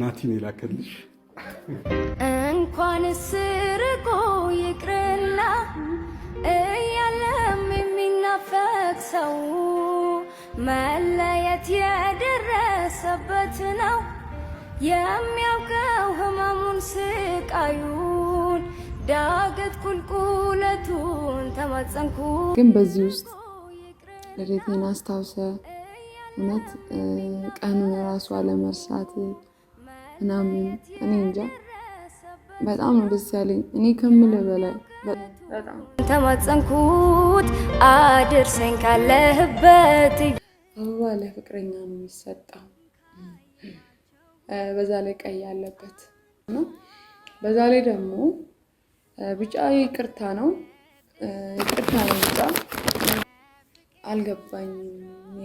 ናቲን የላከልሽ እንኳን ስርቆ ይቅርና እያለም የሚናፈቅ ሰው መለየት የደረሰበት ነው የሚያውቀው ህመሙን፣ ስቃዩን፣ ዳገት ቁልቁለቱን ተማጸንኩ። ግን በዚህ ውስጥ ልደቴን አስታውሰ እውነት ቀኑን ራሱ አለመርሳት ምናምን እኔ እንጃ በጣም ነው ደስ ያለኝ። እኔ ከምልህ በላይ ተማጸንኩት፣ አድርሰኝ ካለህበት። አበባ ለፍቅረኛ ነው የሚሰጠው፣ በዛ ላይ ቀይ ያለበት በዛ ላይ ደግሞ ቢጫ ይቅርታ ነው፣ ይቅርታ ነው ቢጫ። አልገባኝም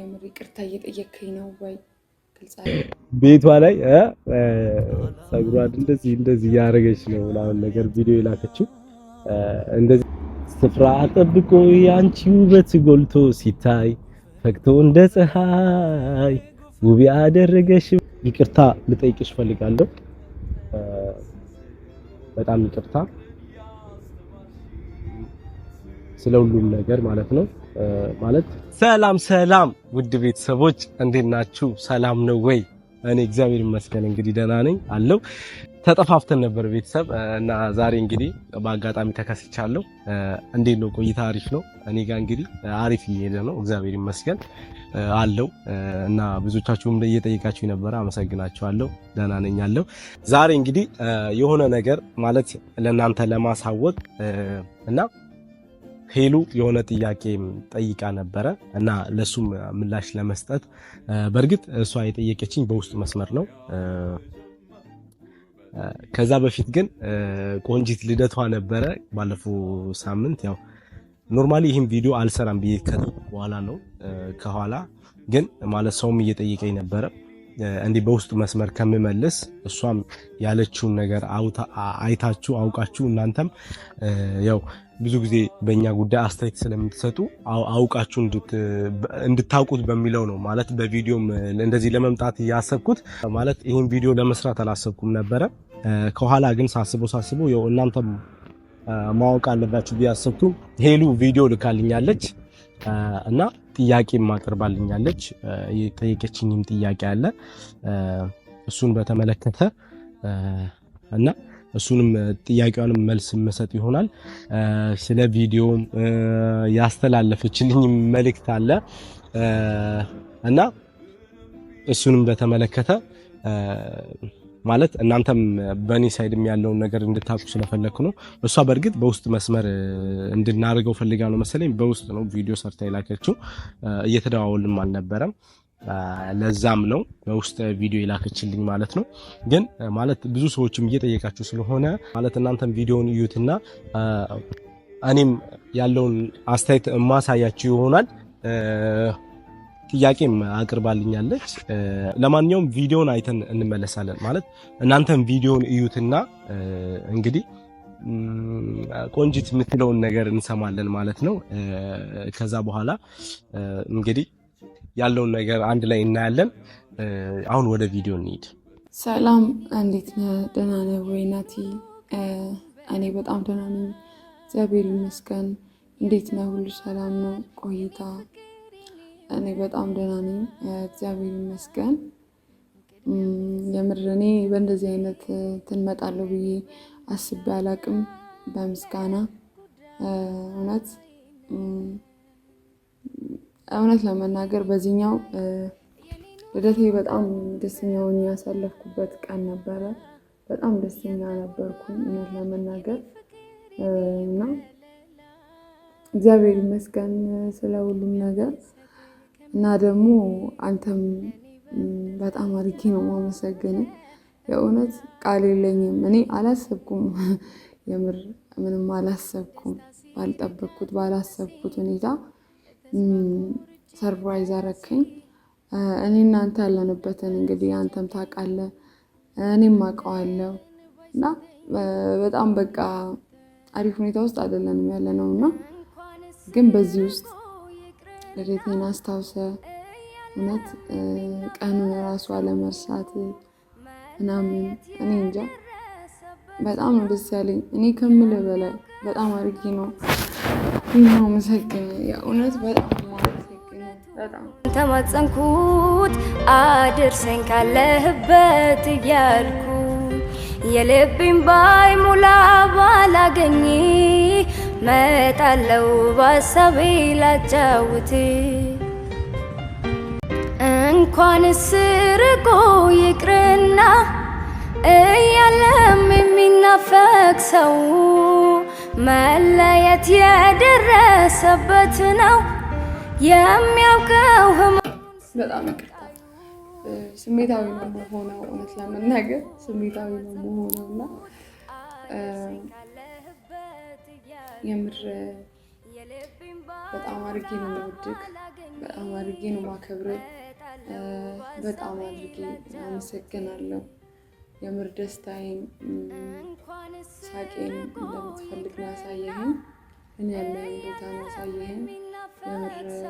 የምር ይቅርታ እየጠየከኝ ነው ወይ? ቤቷ ላይ ጸጉሯን እንደዚህ እንደዚህ እያደረገች ነው ምናምን ነገር ቪዲዮ የላከችው እንደዚህ ስፍራ አጠብቆ የአንቺ ውበት ጎልቶ ሲታይ ፈክቶ እንደ ፀሐይ ውብ ያደረገሽ። ይቅርታ ልጠይቅሽ ፈልጋለሁ። በጣም ይቅርታ ስለ ሁሉም ነገር ማለት ነው። ማለት ሰላም ሰላም፣ ውድ ቤተሰቦች እንዴት ናችሁ? ሰላም ነው ወይ? እኔ እግዚአብሔር ይመስገን እንግዲህ ደህና ነኝ አለው። ተጠፋፍተን ነበር ቤተሰብ እና ዛሬ እንግዲህ በአጋጣሚ ተከስቻለሁ። እንዴት ነው ቆይታ? አሪፍ ነው። እኔ ጋር እንግዲህ አሪፍ እየሄደ ነው እግዚአብሔር ይመስገን አለው እና ብዙዎቻችሁም እየጠየቃችሁ ነበረ። አመሰግናችኋለሁ። ደህና ነኝ አለው። ዛሬ እንግዲህ የሆነ ነገር ማለት ለእናንተ ለማሳወቅ እና ሄሉ የሆነ ጥያቄ ጠይቃ ነበረ እና ለሱም ምላሽ ለመስጠት በእርግጥ እሷ የጠየቀችኝ በውስጥ መስመር ነው። ከዛ በፊት ግን ቆንጂት ልደቷ ነበረ ባለፈው ሳምንት። ያው ኖርማሊ ይህም ቪዲዮ አልሰራም ብዬ በኋላ ነው ከኋላ ግን ማለት ሰውም እየጠየቀኝ ነበረ እንዲህ በውስጥ መስመር ከምመልስ እሷም ያለችውን ነገር አይታችሁ አውቃችሁ እናንተም ያው ብዙ ጊዜ በእኛ ጉዳይ አስተያየት ስለምትሰጡ አውቃችሁ እንድታውቁት በሚለው ነው። ማለት በቪዲዮም እንደዚህ ለመምጣት እያሰብኩት ማለት ይህን ቪዲዮ ለመስራት አላሰብኩም ነበረ። ከኋላ ግን ሳስበው ሳስበው ያው እናንተም ማወቅ አለባችሁ ብዬ ሄሉ ቪዲዮ ልካልኛለች። እና ጥያቄ ማቅርባልኛለች። የጠየቀችኝም ጥያቄ አለ እሱን በተመለከተ እና እሱንም ጥያቄዋንም መልስ መሰጥ ይሆናል። ስለ ቪዲዮ ያስተላለፈችልኝ መልእክት አለ እና እሱንም በተመለከተ ማለት እናንተም በእኔ ሳይድም ያለውን ነገር እንድታውቁ ስለፈለግኩ ነው። እሷ በእርግጥ በውስጥ መስመር እንድናደርገው ፈልጋ ነው መሰለኝ በውስጥ ነው ቪዲዮ ሰርታ የላከችው። እየተደዋወልም አልነበረም። ለዛም ነው በውስጥ ቪዲዮ የላከችልኝ ማለት ነው። ግን ማለት ብዙ ሰዎችም እየጠየቃችሁ ስለሆነ ማለት እናንተም ቪዲዮውን እዩትና እኔም ያለውን አስተያየት ማሳያችሁ ይሆናል። ጥያቄም አቅርባልኛለች። ለማንኛውም ቪዲዮን አይተን እንመለሳለን። ማለት እናንተም ቪዲዮን እዩትና እንግዲህ ቆንጂት የምትለውን ነገር እንሰማለን ማለት ነው። ከዛ በኋላ እንግዲህ ያለውን ነገር አንድ ላይ እናያለን። አሁን ወደ ቪዲዮ እንሂድ። ሰላም፣ እንዴት ነህ? ደህና ነህ ወይ ናቲ? እኔ በጣም ደህና ነኝ፣ እግዚአብሔር ይመስገን። እንዴት ነህ? ሁሉ ሰላም ነው? ቆይታ እኔ በጣም ደህና ነኝ፣ እግዚአብሔር ይመስገን። የምር እኔ በእንደዚህ አይነት ትንመጣለሁ ብዬ አስቤ አላቅም። በምስጋና እውነት እውነት ለመናገር በዚህኛው ልደቴ በጣም ደስተኛውን ያሳለፍኩበት ቀን ነበረ። በጣም ደስተኛ ነበርኩ እውነት ለመናገር እና እግዚአብሔር ይመስገን ስለ ሁሉም ነገር እና ደግሞ አንተም በጣም አርኪ ነው ማመሰግነው። የእውነት ቃል የለኝም። እኔ አላሰብኩም፣ የምር ምንም አላሰብኩም። ባልጠበቅኩት ባላሰብኩት ሁኔታ ሰርፕራይዝ አረከኝ። እኔ እናንተ ያለንበትን እንግዲህ አንተም ታውቃለህ፣ እኔም አውቀዋለሁ እና በጣም በቃ አሪፍ ሁኔታ ውስጥ አይደለንም ያለ ነው እና ግን በዚህ ውስጥ ልደቴን አስታውሰ እውነት ቀኑን ራሱ አለመርሳት ምናምን እኔ እንጃ በጣም ደስ ያለኝ። እኔ ከምል በላይ በጣም አድርጌ ነው መሰግን የእውነት በጣም ተማጸንኩት አድርሰኝ ካለህበት እያልኩ የልቤን ሙላ ባላገኝ መጣለው ባሳቤ ላጫውት እንኳንስ ርቆ ይቅርና እያለም የሚናፈቅ ሰው መለየት የደረሰበት ነው የሚያውቀው በጣም ስሜታዊ ነው መሆነው እውነት ለመናገር ስሜታዊ ነው መሆነውና የምር በጣም አድርጌ ነው የምወድቅ፣ በጣም አድርጌ ነው ማከብር፣ በጣም አድርጌ አመሰግናለሁ። የምር ደስታዬን፣ ሳቄን እንደምትፈልግ ነው ያሳየህን። ምን ያለን ቦታ ነው ያሳየህን። የምር እናት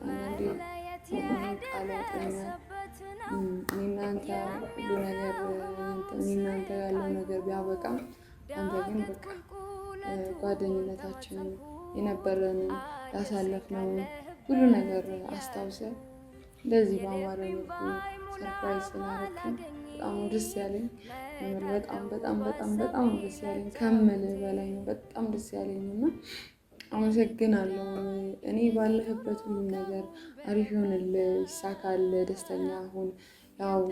አንዳንዴ ቃል እናንተ ሁሉ ነገር እናንተ ያለው ነገር ቢያበቃ አንተ ግን በቃ ጓደኝነታችንን የነበረንን ያሳለፍነውን ሁሉ ነገር አስታውሰ እንደዚህ በአማረ መልኩ ሰርፕራይዝ ስላረግን በጣም ደስ ያለኝ በጣም በጣም በጣም በጣም ደስ ያለኝ ከምል በላይ ነው። በጣም ደስ ያለኝ እና አመሰግናለሁ። እኔ ባለህበት ሁሉም ነገር አሪፍ ይሆንል፣ ይሳካል፣ ደስተኛ ሁን። ያው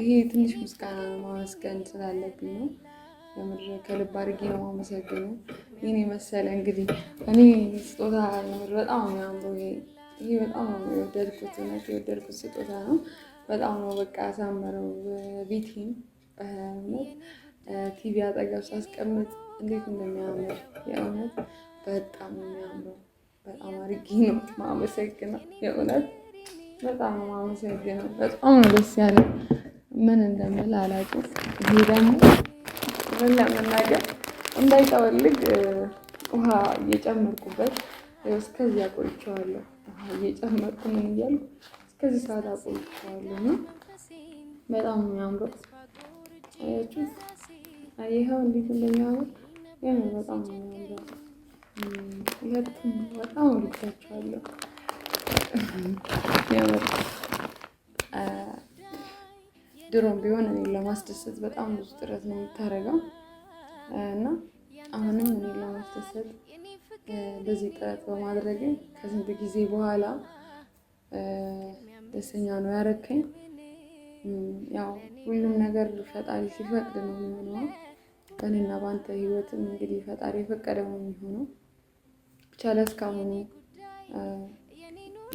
ይሄ ትንሽ ምስጋና ማመስገን ስላለብኝ ነው። የምር ከልብ አድርጌ ነው የማመሰግነው። ይህን የመሰለ እንግዲህ እኔ ስጦታ የምር በጣም የሚያምሩ ይህ በጣም ነው የወደድኩት፣ እውነት የወደድኩት ስጦታ ነው። በጣም ነው በቃ ያሳመረው ቤቴን እውነት ቲቪ አጠገብ ሳስቀምጥ እንዴት እንደሚያምር የእውነት በጣም የሚያምረው በጣም አድርጌ ነው ማመሰግነው። የእውነት በጣም ነው ማመሰግነው። በጣም ነው ደስ ያለ ምን እንደምል አላውቅም። ይሄ ደግሞ ምን ለመናገር እንዳይጠወልግ ውሃ እየጨመርኩበት እስከዚህ አቆይቼዋለሁ። ውሃ እየጨመርኩ ምን እያልኩ እስከዚህ ሰዓት አቆይቼዋለሁ ነው። በጣም የሚያምረው አያችሁ፣ ይኸው እንዴት እንደሚያምር ግን በጣም የሚያምረው ሁለቱም በጣም ወድጃቸዋለሁ። ድሮም ቢሆን እኔ ለማስደሰት በጣም ብዙ ጥረት ነው የምታደርገው እና አሁንም እኔ ለማስደሰት በዚህ ጥረት በማድረግ ከስንት ጊዜ በኋላ ደስተኛ ነው ያረከኝ። ያው ሁሉም ነገር ፈጣሪ ሲፈቅድ ነው የሚሆነው። በእኔና በአንተ ህይወትም እንግዲህ ፈጣሪ የፈቀደ ነው የሚሆነው። ብቻ ለእስካሁኑ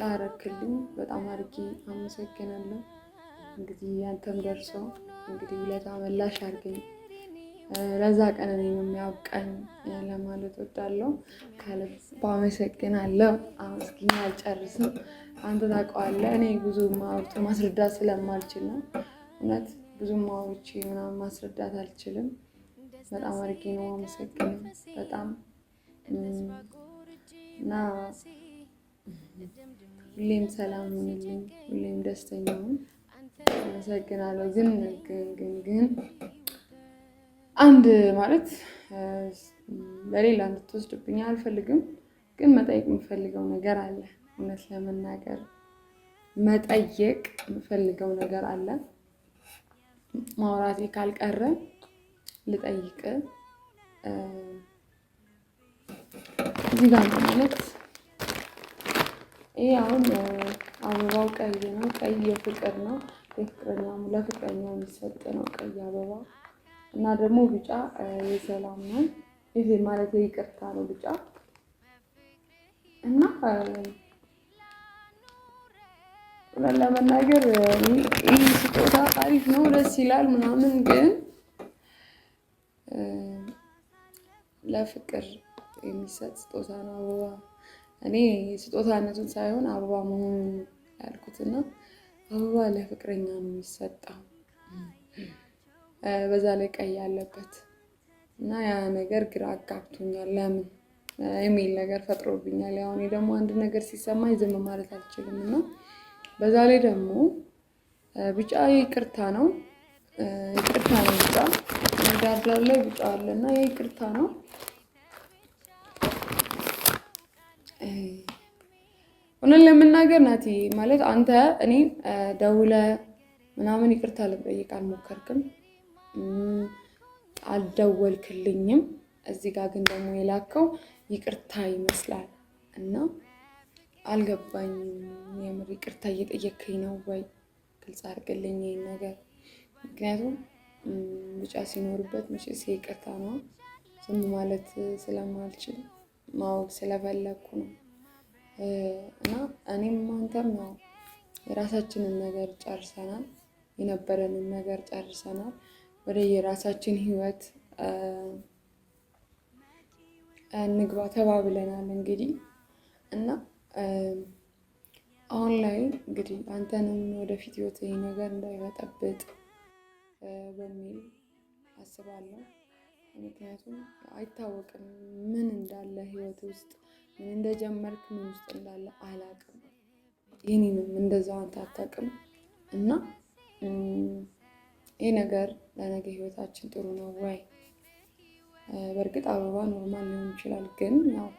ላረክልኝ በጣም አድርጌ አመሰግናለሁ። እንግዲህ ያንተም ደርሶ እንግዲህ ውለታ መላሽ አድርገኝ ለዛ ቀን እኔም የሚያውቀኝ ለማለት ወዳለው ከልብ አመሰግናለሁ። አመስግኝ አልጨርስም። አንተ ታውቀዋለህ። እኔ ብዙ ማወቅ ማስረዳት ስለማልችል ነው። እውነት ብዙ ማወች ምናምን ማስረዳት አልችልም። በጣም አድርጌ ነው አመሰግን በጣም እና ሁሌም ሰላም ሁንልኝ። ሁሌም ደስተኛ ሁን። አመሰግናለሁ። ግን ግን ግን ግን አንድ ማለት ለሌላ እንድትወስድብኝ አልፈልግም። ግን መጠየቅ የምፈልገው ነገር አለ። እውነት ለመናገር መጠየቅ የምፈልገው ነገር አለ። ማውራቴ ካልቀረ ልጠይቅ እዚህ ጋር ነው ማለት ይህ አሁን አበባው ቀይ ነው። ቀይ የፍቅር ነው። ለፍቅረኛው ለፍቅረኛ የሚሰጥ ነው። ቀይ አበባ እና ደግሞ ቢጫ የሰላም ነው። ይሄ ማለት ይቅርታ ነው ቢጫ እና እውነት ለመናገር ይህ ስጦታ አሪፍ ነው፣ ደስ ይላል ምናምን ግን ለፍቅር የሚሰጥ ስጦታ ነው አበባ። እኔ ስጦታነቱን ሳይሆን አበባ መሆኑን ያልኩትና አበባ ለፍቅረኛ ነው የሚሰጠው፣ በዛ ላይ ቀይ ያለበት እና ያ ነገር ግራ አጋብቶኛል። ለምን የሚል ነገር ፈጥሮብኛል። ያው እኔ ደግሞ አንድ ነገር ሲሰማኝ ዝም ማለት አልችልም እና በዛ ላይ ደግሞ ቢጫ ይቅርታ ነው ይቅርታ ነው ቢጫ ዳርዳር ላይ ቢጫ አለ እና ይቅርታ ነው እውነት ለምናገር ናቲ ማለት አንተ እኔ ደውለ ምናምን ይቅርታ ልጠይቅ አልሞከርክም፣ አልደወልክልኝም። እዚህ ጋር ግን ደግሞ የላከው ይቅርታ ይመስላል እና አልገባኝም። የምር ይቅርታ እየጠየቅከኝ ነው ወይ? ግልጽ አድርግልኝ ይህን ነገር። ምክንያቱም ብጫ ሲኖርበት መቼስ ይቅርታ ነው ዝም ማለት ስለማልችል ማወቅ ስለፈለግኩ ነው። እና እኔም አንተም ያው የራሳችንን ነገር ጨርሰናል፣ የነበረንን ነገር ጨርሰናል። ወደ የራሳችን ህይወት እንግባ ተባብለናል እንግዲህ እና አሁን ላይ እንግዲህ አንተንም ወደፊት ህይወት ይህ ነገር እንዳይበጠብጥ በሚል አስባለሁ። ምክንያቱም አይታወቅም ምን እንዳለ ህይወት ውስጥ ምን እንደጀመርክ ምን ውስጥ እንዳለ አላቅም። የኔንም እንደዛው አንተ አታቅም። እና ይህ ነገር ለነገ ህይወታችን ጥሩ ነው ወይ? በእርግጥ አበባ ኖርማል ሊሆን ይችላል፣ ግን ያው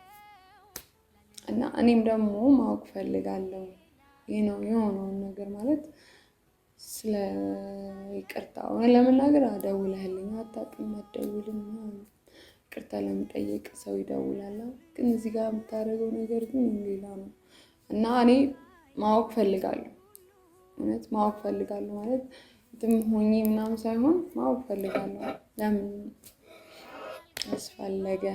እና እኔም ደግሞ ማወቅ ፈልጋለሁ ይህ ነው የሆነውን ነገር ማለት ስለ ይቅርታ ሆነ ለመናገር አደውልህልኝ አታውቅም፣ አትደውልም ይቅርታ ለመጠየቅ ሰው ይደውላል። ግን እዚህ ጋር የምታደርገው ነገር ግን ሌላ ነው እና እኔ ማወቅ ፈልጋለሁ። እውነት ማወቅ ፈልጋለሁ ማለት ትም ሆኜ ምናምን ሳይሆን ማወቅ ፈልጋለሁ። ለምን ያስፈለገ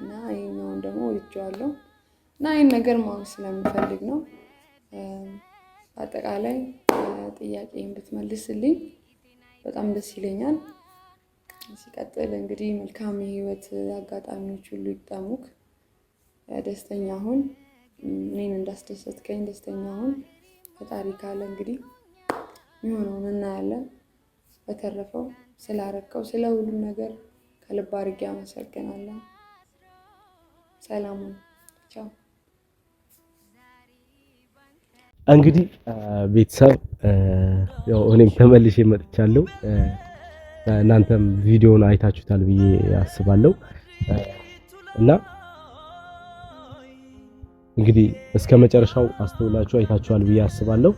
እና ይህኛውን ደግሞ ወድጄዋለሁ እና ይህን ነገር ማወቅ ስለምፈልግ ነው። በአጠቃላይ ጥያቄ ብትመልስልኝ በጣም ደስ ይለኛል። ሲቀጥል እንግዲህ መልካም የህይወት አጋጣሚዎች ሁሉ ይጠሙክ ደስተኛ ሁን። እኔን እንዳስደሰትከኝ ደስተኛ ሁን። ፈጣሪ ካለ እንግዲህ የሚሆነውን እናያለን። በተረፈው ስላረከው ስለ ሁሉም ነገር ከልብ አድርጌ አመሰግናለሁ። ሰላሙን ቻው። እንግዲህ ቤተሰብ ያው እኔም ተመልሼ መጥቻለሁ። እናንተም ቪዲዮውን አይታችሁታል ብዬ አስባለሁ እና እንግዲህ እስከ መጨረሻው አስተውላችሁ አይታችኋል ብዬ አስባለሁ።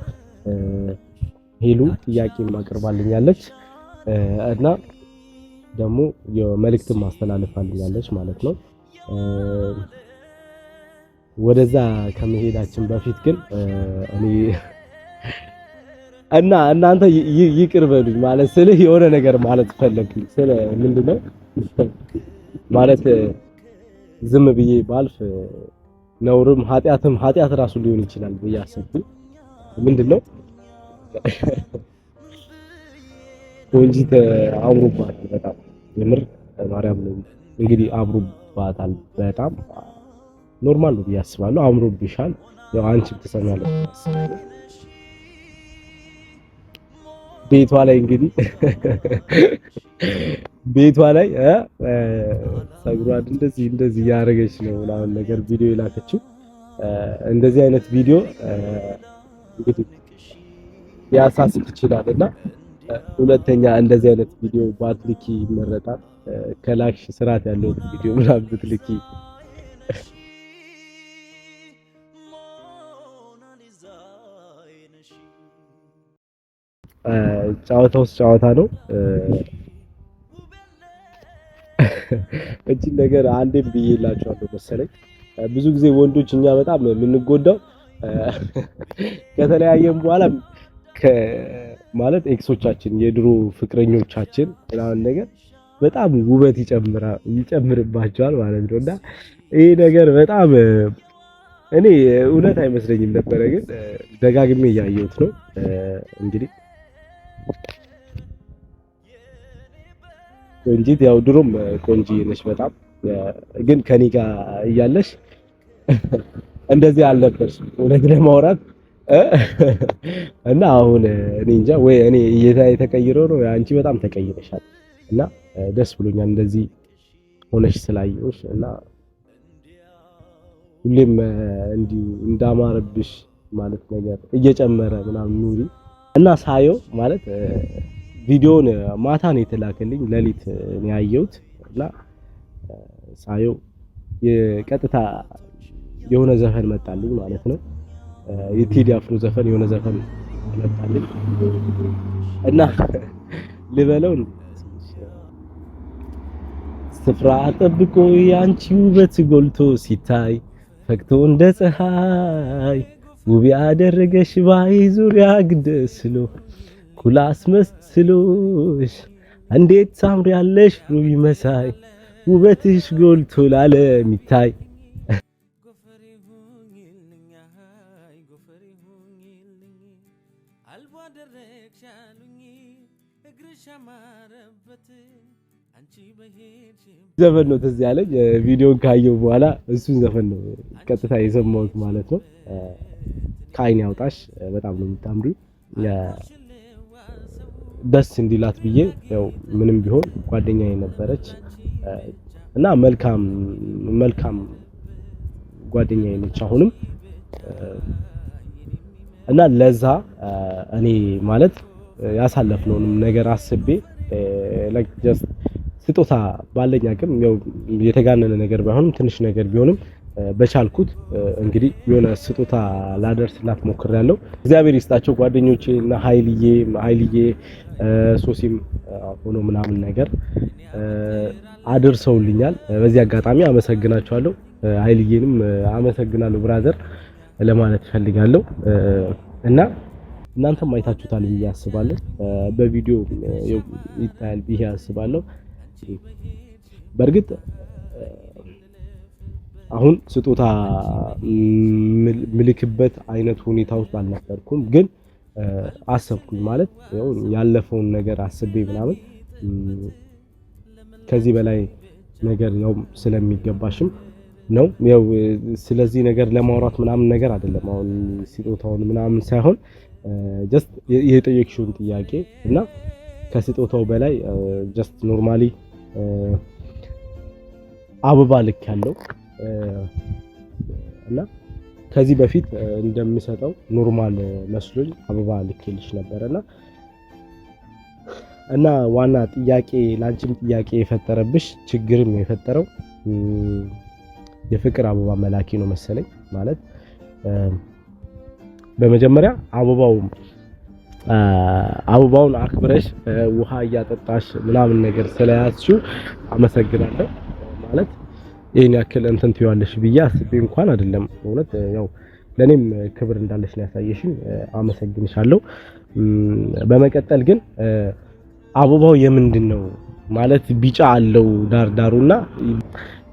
ሄሉ ጥያቄም አቅርባልኛለች እና ደግሞ የመልእክትም ማስተላለፋልኛለች ማለት ነው። ወደዛ ከመሄዳችን በፊት ግን እኔ እና እናንተ ይቅር በሉኝ ማለት ስልህ የሆነ ነገር ማለት ፈለግኩኝ። ስለ ምንድን ነው ማለት ዝም ብዬ ባልፍ ነውርም ኃጢአትም ኃጢአት ራሱ ሊሆን ይችላል ብዬ አሰብኩኝ። ምንድን ነው ቆንጂት አምሮባት በጣም የምር ማርያም ነው እንግዲህ አምሮባታል በጣም ኖርማል ነው ብዬ አስባለሁ። አምሮብሻል። ያው አንቺ ትሰሚያለሽ ቤቷ ላይ እንግዲህ ቤቷ ላይ ጸጉሯን እንደዚህ እንደዚህ እያደረገች ነው ምናምን ነገር ቪዲዮ የላከችው። እንደዚህ አይነት ቪዲዮ እንግዲህ ሊያሳስብ ይችላል እና ሁለተኛ እንደዚህ አይነት ቪዲዮ ባትልኪ ይመረጣል። ከላክሽ ስርዓት ያለውን ቪዲዮ ምናምን ብትልኪ ጨዋታ ውስጥ ጨዋታ ነው። እቺን ነገር አንዴም ብዬላችኋለሁ መሰለኝ። ብዙ ጊዜ ወንዶች እኛ በጣም የምንጎዳው ከተለያየም በኋላ ማለት ኤክሶቻችን፣ የድሮ ፍቅረኞቻችን ምናምን ነገር በጣም ውበት ይጨምርባቸዋል ማለት ነው እና ይሄ ነገር በጣም እኔ እውነት አይመስለኝም ነበረ፣ ግን ደጋግሜ እያየሁት ነው እንግዲህ ቆንጂት ያው ድሮም ቆንጂ ነሽ በጣም ግን ከኔ ጋር እያለሽ እንደዚህ አልነበርሽም እውነት ለማውራት እና አሁን እኔ እንጃ ወይ እኔ የተቀይረው ነው አንቺ በጣም ተቀይረሻል እና ደስ ብሎኛል እንደዚህ ሆነሽ ስላየሁሽ እና ሁሌም እንዲህ እንዳማረብሽ ማለት ነገር እየጨመረ ምናምን ኑሪ እና ሳየው ማለት ቪዲዮን ማታ ነው የተላከልኝ፣ ሌሊት ነው ያየሁት እና ሳየው የቀጥታ የሆነ ዘፈን መጣልኝ ማለት ነው። የቴዲ አፍሮ ዘፈን የሆነ ዘፈን መጣልኝ እና ልበለው ስፍራ ጠብቆ የአንቺ ውበት ጎልቶ ሲታይ ፈክቶ እንደ ፀሐይ ውብ ያደረገሽ ባይ ዙሪያ ግደስሎ ኩላስ መስሎሽ እንዴት ሳምር ያለሽ መሳይ ውበትሽ ጎልቶ ላለም ይታይ ዘፈን ነው ትዝ ያለኝ። ቪዲዮን ካየው በኋላ እሱን ዘፈን ነው ቀጥታ የሰማሁት ማለት ነው። ከአይን ያውጣሽ በጣም ነው የምታምሪ። ደስ እንዲላት ብዬ ያው ምንም ቢሆን ጓደኛ የነበረች እና መልካም መልካም ጓደኛ ነች አሁንም እና ለዛ እኔ ማለት ያሳለፍነውንም ነገር አስቤ ላይክ ጀስት ስጦታ ባለኝ አቅም ያው የተጋነነ ነገር ባይሆንም ትንሽ ነገር ቢሆንም በቻልኩት እንግዲህ የሆነ ስጦታ ላደርስላት ያለው እግዚአብሔር ይስጣቸው ጓደኞቼ እና ሀይልዬ ሀይልዬ ሶሲም ሆኖ ምናምን ነገር አድርሰውልኛል። በዚህ አጋጣሚ አመሰግናቸዋለሁ። ሀይልዬንም አመሰግናለሁ ብራዘር ለማለት እፈልጋለሁ እና እናንተም አይታችሁታል ብዬ አስባለሁ። በቪዲዮ ይታያል ብዬ አስባለሁ። አትሄዱ። በእርግጥ አሁን ስጦታ ምልክበት አይነት ሁኔታ ውስጥ አልነበርኩም፣ ግን አሰብኩኝ ማለት ያለፈውን ነገር አስቤ ምናምን ከዚህ በላይ ነገር ያው ስለሚገባሽም ነው ያው ስለዚህ ነገር ለማውራት ምናምን ነገር አይደለም። አሁን ስጦታውን ምናምን ሳይሆን ጀስት የጠየቅሽውን ጥያቄ እና ከስጦታው በላይ ጀስት ኖርማሊ አበባ ልክ ያለው እና ከዚህ በፊት እንደምሰጠው ኖርማል መስሎኝ አበባ ልኬልሽ ነበረና እና ዋና ጥያቄ ላንቺም ጥያቄ የፈጠረብሽ ችግርም የፈጠረው የፍቅር አበባ መላኪ ነው መሰለኝ። ማለት በመጀመሪያ አበባው አበባውን አክብረሽ ውሃ እያጠጣሽ ምናምን ነገር ስለያዝሽው አመሰግናለሁ ማለት ይህን ያክል እንትን ትይዋለሽ ብዬ አስቤ እንኳን አይደለም። እውነት ያው ለእኔም ክብር እንዳለሽ ነው ያሳየሽኝ። አመሰግንሻለሁ። በመቀጠል ግን አበባው የምንድን ነው ማለት ቢጫ አለው ዳርዳሩና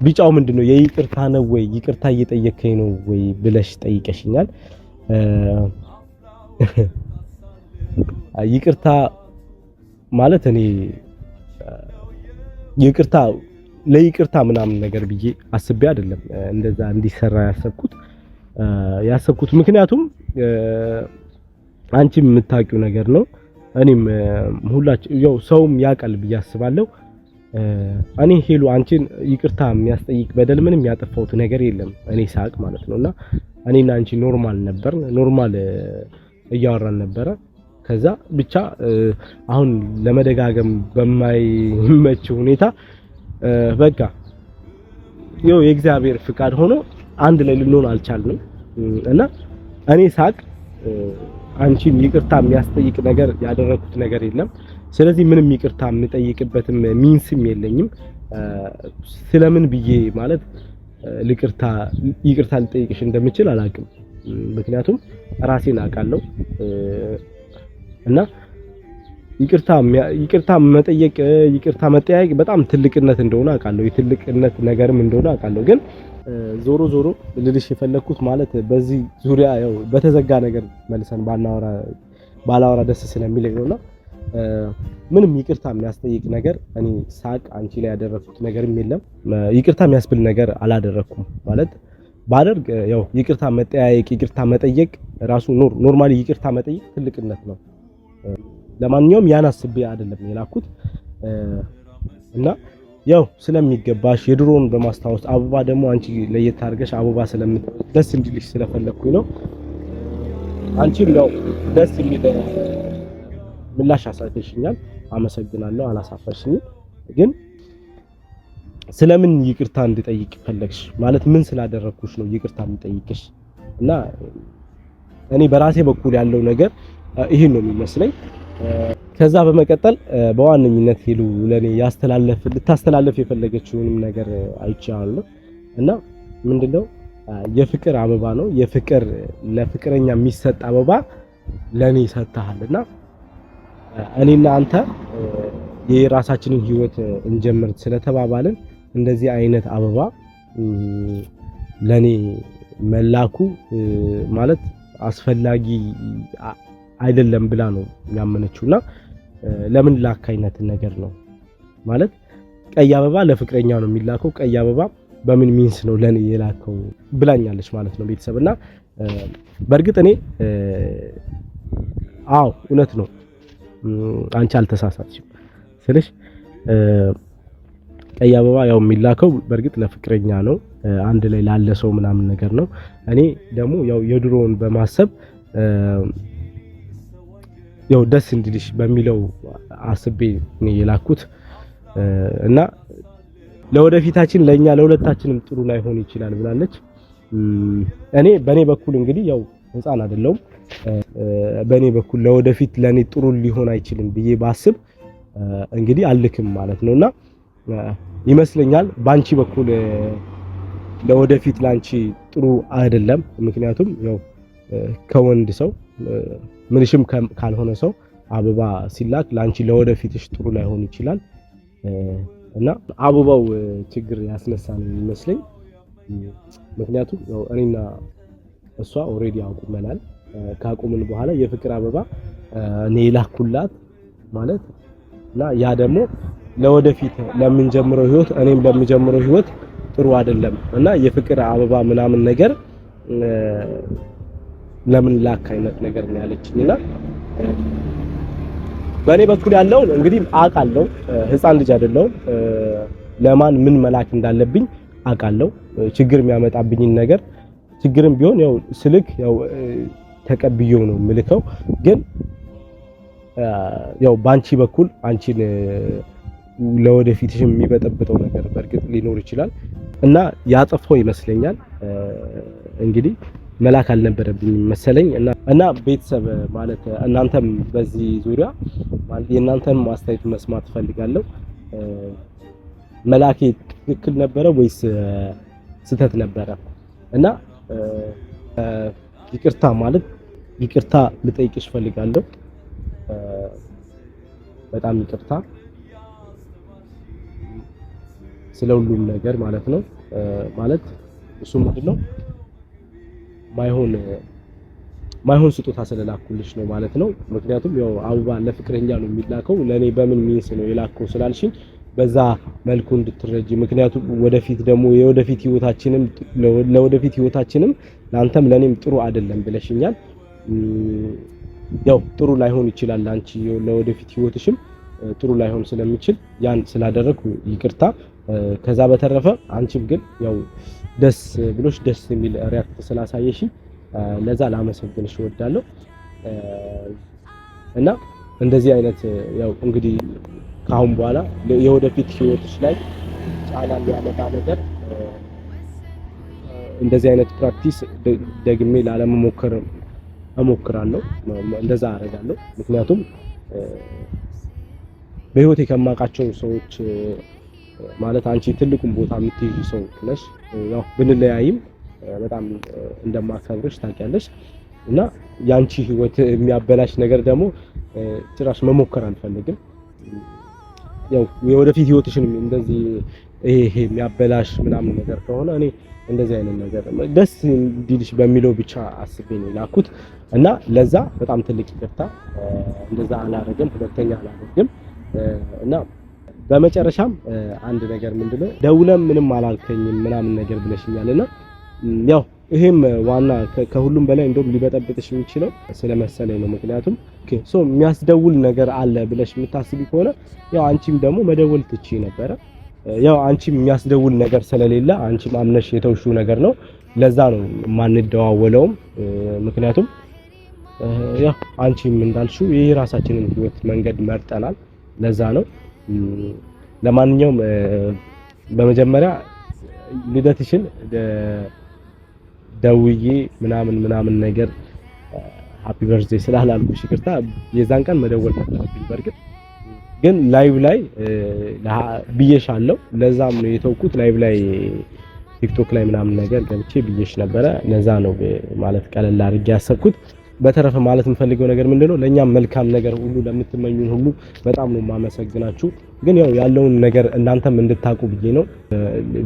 ቢጫው ምንድን ነው? የይቅርታ ነው ወይ ይቅርታ እየጠየከኝ ነው ወይ ብለሽ ጠይቀሽኛል። ይቅርታ ማለት እኔ ይቅርታ ለይቅርታ ምናምን ነገር ብዬ አስቤ አይደለም እንደዛ እንዲሰራ ያሰብኩት ያሰብኩት ምክንያቱም አንቺም የምታውቂው ነገር ነው። እኔም ሁላችን ያው ሰውም ያውቃል ብዬ አስባለሁ። እኔ ሄሉ አንቺን ይቅርታ የሚያስጠይቅ በደል ምንም ያጠፋሁት ነገር የለም እኔ ሳቅ ማለት ነውና እኔና አንቺ ኖርማል ነበር ኖርማል እያወራን ነበረ። ከዛ ብቻ አሁን ለመደጋገም በማይመች ሁኔታ በቃ ይኸው የእግዚአብሔር ፍቃድ ሆኖ አንድ ላይ ልንሆን አልቻልንም እና እኔ ሳቅ አንቺን ይቅርታ የሚያስጠይቅ ነገር ያደረኩት ነገር የለም። ስለዚህ ምንም ይቅርታ የምጠይቅበትም ሚንስም የለኝም። ስለምን ብዬ ማለት ይቅርታ ይቅርታ ልጠይቅሽ እንደምችል አላውቅም። ምክንያቱም ራሴን አውቃለሁ። እና ይቅርታ ይቅርታ መጠየቅ ይቅርታ መጠያየቅ በጣም ትልቅነት እንደሆነ አውቃለሁ። የትልቅነት ነገርም እንደሆነ አውቃለሁ። ግን ዞሮ ዞሮ ልልሽ የፈለግኩት ማለት በዚህ ዙሪያ ያው በተዘጋ ነገር መልሰን ባናወራ ባላወራ ደስ ስለሚለኝ ነውና ምንም ይቅርታ የሚያስጠይቅ ነገር እኔ ሳቅ አንቺ ላይ ያደረኩት ነገርም የለም። ይቅርታ የሚያስብል ነገር አላደረኩም ማለት ባደርግ ያው ይቅርታ መጠያየቅ ይቅርታ መጠየቅ ራሱ ኖርማሊ ይቅርታ መጠየቅ ትልቅነት ነው። ለማንኛውም ያን አስቤ አይደለም የላኩት እና ያው ስለሚገባሽ የድሮውን በማስታወስ አበባ ደግሞ አንቺ ለየት አድርገሽ አበባ ስለምት ደስ እንዲልሽ ስለፈለግኩኝ ነው። አንቺም ያው ደስ የሚል ምላሽ አሳይተሽኛል። አመሰግናለሁ። አላሳፈርሽኝም። ግን ስለምን ይቅርታ እንድጠይቅ ፈለግሽ? ማለት ምን ስላደረግኩሽ ነው ይቅርታ እንድጠይቅሽ? እና እኔ በራሴ በኩል ያለው ነገር ይህን ነው የሚመስለኝ። ከዛ በመቀጠል በዋነኝነት ሄሉ ለኔ ያስተላለፍ ልታስተላለፍ የፈለገችውንም ነገር አይቻለሁ እና ምንድነው የፍቅር አበባ ነው የፍቅር ለፍቅረኛ የሚሰጥ አበባ ለኔ ሰጥተሃል እና እኔና አንተ የራሳችንን ህይወት እንጀምር ስለተባባልን እንደዚህ አይነት አበባ ለኔ መላኩ ማለት አስፈላጊ አይደለም ብላ ነው ያመነችው። እና ለምን ላክ አይነት ነገር ነው ማለት ቀይ አበባ ለፍቅረኛ ነው የሚላከው፣ ቀይ አበባ በምን ሚንስ ነው ለኔ የላከው ብላኛለች ማለት ነው ቤተሰብ እና በእርግጥ እኔ አዎ እውነት ነው አንቺ አልተሳሳች። ስልሽ ቀይ አበባ ያው የሚላከው በእርግጥ ለፍቅረኛ ነው፣ አንድ ላይ ላለ ሰው ምናምን ነገር ነው። እኔ ደግሞ ያው የድሮውን በማሰብ ያው ደስ እንዲልሽ በሚለው አስቤ ነው የላኩት እና ለወደፊታችን ለኛ ለሁለታችንም ጥሩ ላይሆን ይችላል ብላለች። እኔ በኔ በኩል እንግዲህ ያው ህፃን አይደለሁም። በኔ በኩል ለወደፊት ለኔ ጥሩ ሊሆን አይችልም ብዬ ባስብ እንግዲህ አልክም ማለት ነውና ይመስለኛል ባንቺ በኩል ለወደፊት ለአንቺ ጥሩ አይደለም። ምክንያቱም ያው ከወንድ ሰው ምንሽም ካልሆነ ሰው አበባ ሲላክ ለአንቺ ለወደፊትሽ ጥሩ ላይሆን ይችላል እና አበባው ችግር ያስነሳ ነው የሚመስለኝ። ምክንያቱም እኔና እሷ ኦልሬዲ አቁመናል። ካቁምን በኋላ የፍቅር አበባ እኔ ላኩላት ማለት እና ያ ደግሞ ለወደፊት ለምንጀምረው ህይወት እኔም ለምጀምረው ህይወት ጥሩ አይደለም እና የፍቅር አበባ ምናምን ነገር ለምን ላክ አይነት ነገር ነው ያለችኝና በእኔ በኩል ያለውን እንግዲህ አውቃለሁ። ህፃን ልጅ አይደለሁም። ለማን ምን መላክ እንዳለብኝ አውቃለሁ። ችግር የሚያመጣብኝን ነገር ችግርም ቢሆን ያው ስልክ ያው ተቀብዬው ነው የምልከው። ግን ያው በአንቺ በኩል አንቺን ለወደፊትሽም የሚበጠብጠው ነገር በእርግጥ ሊኖር ይችላል እና ያጠፋው ይመስለኛል እንግዲህ መላክ አልነበረብኝ መሰለኝ እና ቤተሰብ ማለት እናንተም በዚህ ዙሪያ የእናንተን ማስተያየት መስማት እፈልጋለሁ። መላኬ ትክክል ነበረ ወይስ ስህተት ነበረ? እና ይቅርታ ማለት ይቅርታ ልጠይቅሽ እፈልጋለሁ። በጣም ይቅርታ ስለ ሁሉም ነገር ማለት ነው። ማለት እሱ ምንድን ነው ማይሆን ማይሆን ስጦታ ስለላኩልሽ ነው ማለት ነው። ምክንያቱም ያው አበባ ለፍቅረኛ ነው የሚላከው ለእኔ በምን ሚንስ ነው የላከው ስላልሽኝ በዛ መልኩ እንድትረጂ ምክንያቱም ወደፊት ደግሞ የወደፊት ህይወታችንም ለወደፊት ህይወታችንም ለአንተም ለእኔም ጥሩ አይደለም ብለሽኛል። ያው ጥሩ ላይሆን ይችላል አንቺ ለወደፊት ህይወትሽም ጥሩ ላይሆን ስለሚችል ያን ስላደረግኩ ይቅርታ ከዛ በተረፈ አንቺም ግን ያው ደስ ብሎሽ ደስ የሚል ሪያክት ስላሳየሽ ለዛ ላመሰግንሽ እወዳለሁ እና እንደዚህ አይነት ያው እንግዲህ ከአሁን በኋላ የወደፊት ህይወትሽ ላይ ጫና የሚያመጣ ነገር እንደዚህ አይነት ፕራክቲስ ደግሜ ላለመሞከር እሞክራለሁ። እንደዛ አደርጋለሁ። ምክንያቱም በህይወቴ ከማውቃቸው ሰዎች ማለት አንቺ ትልቁን ቦታ የምትይዙ ሰው ነሽ። ያው ብንለያይም በጣም እንደማከብርሽ ታውቂያለሽ እና የአንቺ ህይወት የሚያበላሽ ነገር ደግሞ ጭራሽ መሞከር አልፈልግም። ያው የወደፊት ህይወትሽን እንደዚህ ይሄ የሚያበላሽ ምናምን ነገር ከሆነ እኔ እንደዚህ አይነት ነገር ደስ እንዲልሽ በሚለው ብቻ አስቤ ነው ላኩት እና ለዛ በጣም ትልቅ ይቅርታ። እንደዛ አላረግም፣ ሁለተኛ አላረግም እና በመጨረሻም አንድ ነገር ምንድነው ደውለም ምንም አላልከኝም ምናምን ነገር ብለሽኛልና ያው ይሄም ዋና ከሁሉም በላይ እንደውም ሊበጠብጥሽ የሚችለው ስለመሰለኝ ነው። ምክንያቱም ሶ የሚያስደውል ነገር አለ ብለሽ የምታስቢ ከሆነ ያው አንቺም ደግሞ መደወል ትቺ ነበረ። ያው አንቺም የሚያስደውል ነገር ስለሌለ አንቺም አምነሽ የተውሹ ነገር ነው። ለዛ ነው የማንደዋወለውም። ምክንያቱም ያው አንቺም እንዳልሽው የራሳችንን ህይወት መንገድ መርጠናል። ለዛ ነው ለማንኛውም በመጀመሪያ ልደትሽን ደውዬ ምናምን ምናምን ነገር ሃፒ በርዝዴይ ስላላልኩሽ ይቅርታ፣ የዛን ቀን መደወል ነበረብኝ። በእርግጥ ግን ላይቭ ላይ ብዬሻለሁ። ለዛም ነው የተውኩት። ላይቭ ላይ ቲክቶክ ላይ ምናምን ነገር ገብቼ ብዬሽ ነበረ። ለዛ ነው ማለት ቀለል አድርጌ ያሰብኩት። በተረፈ ማለት የምፈልገው ነገር ምንድነው፣ ለእኛም መልካም ነገር ሁሉ ለምትመኙን ሁሉ በጣም ነው የማመሰግናችሁ። ግን ያው ያለውን ነገር እናንተም እንድታውቁ ብዬ ነው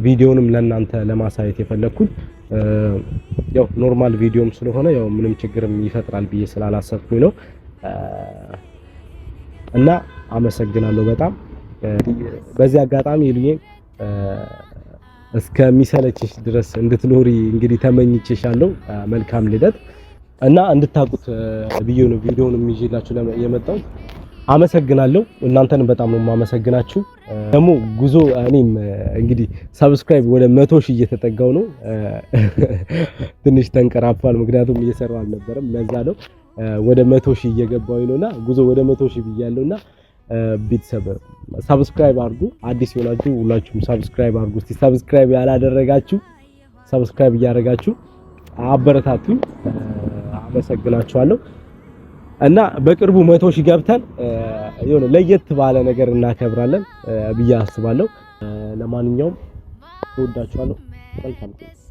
ቪዲዮንም ለእናንተ ለማሳየት የፈለግኩት። ያው ኖርማል ቪዲዮም ስለሆነ ያው ምንም ችግርም ይፈጥራል ብዬ ስላላሰብኩኝ ነው እና አመሰግናለሁ በጣም በዚህ አጋጣሚ ልዬ እስከሚሰለችሽ ድረስ እንድትኖሪ እንግዲህ ተመኝቼሻለሁ። መልካም ልደት እና እንድታቁት ብዬ ነው ቪዲዮውን የሚይዤላችሁ የመጣው። አመሰግናለሁ። እናንተንም በጣም ነው የማመሰግናችሁ። ደግሞ ጉዞ እኔም እንግዲህ ሰብስክራይብ ወደ መቶ ሺህ እየተጠጋው ነው። ትንሽ ተንቀራፋል፣ ምክንያቱም እየሰራው አልነበረም። ለዛ ነው ወደ መቶ ሺህ እየገባው ነውና ጉዞ ወደ መቶ ሺህ ብያለውና ቤተሰብ ሰብስክራይብ አድርጉ። አዲስ የሆናችሁ ሁላችሁም ሰብስክራይብ አድርጉ። እስቲ ሰብስክራይብ ያላደረጋችሁ ሰብስክራይብ እያደረጋችሁ አበረታቱኝ። አመሰግናችኋለሁ። እና በቅርቡ መቶ ሺህ ገብተን የሆነ ለየት ባለ ነገር እናከብራለን ብዬ አስባለሁ። ለማንኛውም እወዳችኋለሁ። መልካም